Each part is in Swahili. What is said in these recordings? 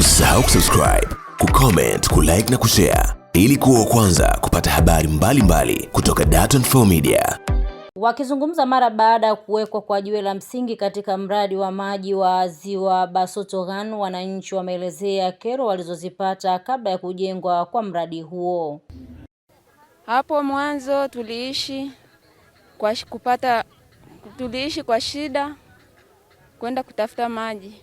Usisahau kusubscribe, kucomment, kulike na kushare ili kuwa kwanza kupata habari mbalimbali mbali kutoka Dar24 Media. Wakizungumza mara baada ya kuwekwa kwa jiwe la msingi katika mradi wa maji wa Ziwa Basotoghan, wananchi wameelezea kero walizozipata kabla ya kujengwa kwa mradi huo. Hapo mwanzo tuliishi kwa kupata tuliishi kwa shida kwenda kutafuta maji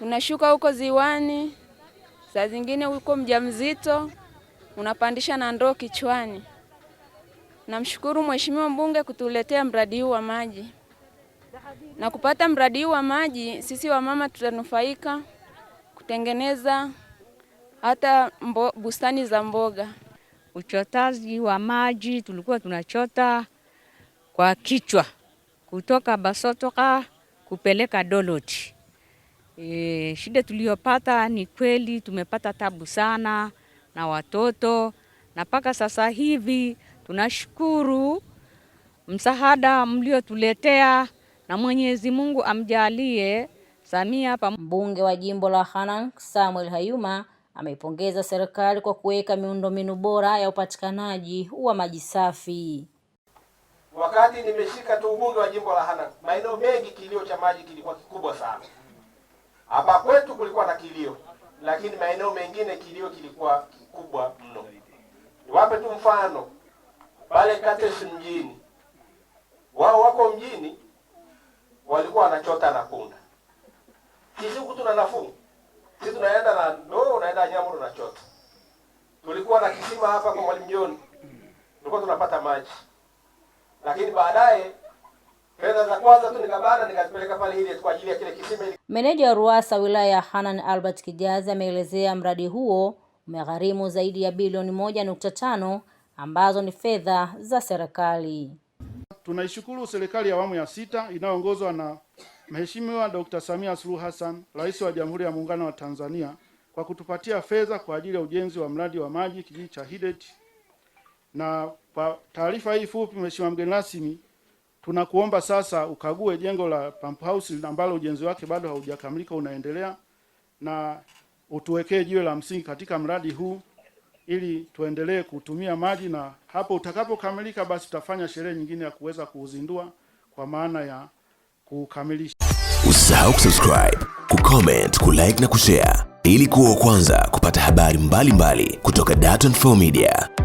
tunashuka huko ziwani, saa zingine huko mjamzito unapandisha na ndoo kichwani. Namshukuru Mheshimiwa mbunge kutuletea mradi huu wa maji, na kupata mradi huu wa maji sisi wamama tutanufaika kutengeneza hata mbo, bustani za mboga. Uchotaji wa maji tulikuwa tunachota kwa kichwa kutoka Basotoka kupeleka Doloti. E, shida tuliyopata ni kweli tumepata tabu sana na watoto, na mpaka sasa hivi tunashukuru msaada mliotuletea, na Mwenyezi Mungu amjalie Samia. Mbunge wa jimbo la Hanang' Samuel Hayuma ameipongeza serikali kwa kuweka miundombinu bora ya upatikanaji wa maji safi. Wakati nimeshika tu ubunge wa jimbo la Hanang', maeneo mengi kilio cha maji kilikuwa kikubwa sana hapa kwetu kulikuwa na kilio, lakini maeneo mengine kilio kilikuwa kikubwa mno. Niwape tu mfano pale Katesh mjini, wao wako mjini, walikuwa wanachota na kunda. Sisi huku tuna nafuu, sisi tunaenda na ndoo, unaenda Nyamuru chota. Tulikuwa na kisima hapa kwa Mwalimu John, tulikuwa tunapata maji, lakini baadaye Fedha za kwanza tu nikabana nikazipeleka pale ile kwa ajili ya kile kisima. Meneja wa Ruwasa wilaya ya Hanan Albert Kijazi ameelezea mradi huo umegharimu zaidi ya bilioni moja nukta tano ambazo ni fedha za serikali. Tunaishukuru serikali ya awamu ya sita inayoongozwa na Mheshimiwa Dr. Samia Suluhu Hassan, Rais wa Jamhuri ya Muungano wa Tanzania kwa kutupatia fedha kwa ajili ya ujenzi wa mradi wa maji kijiji cha hidet Na kwa taarifa hii fupi, Mheshimiwa mgeni rasmi Tunakuomba sasa ukague jengo la pump house ambalo ujenzi wake bado haujakamilika unaendelea, na utuwekee jiwe la msingi katika mradi huu ili tuendelee kutumia maji, na hapo utakapokamilika, basi tutafanya sherehe nyingine ya kuweza kuuzindua kwa maana ya kukamilisha. Usisahau kusubscribe, kucomment, kulike na kushare ili kuwa wa kwanza kupata habari mbalimbali mbali kutoka Dar24 Media.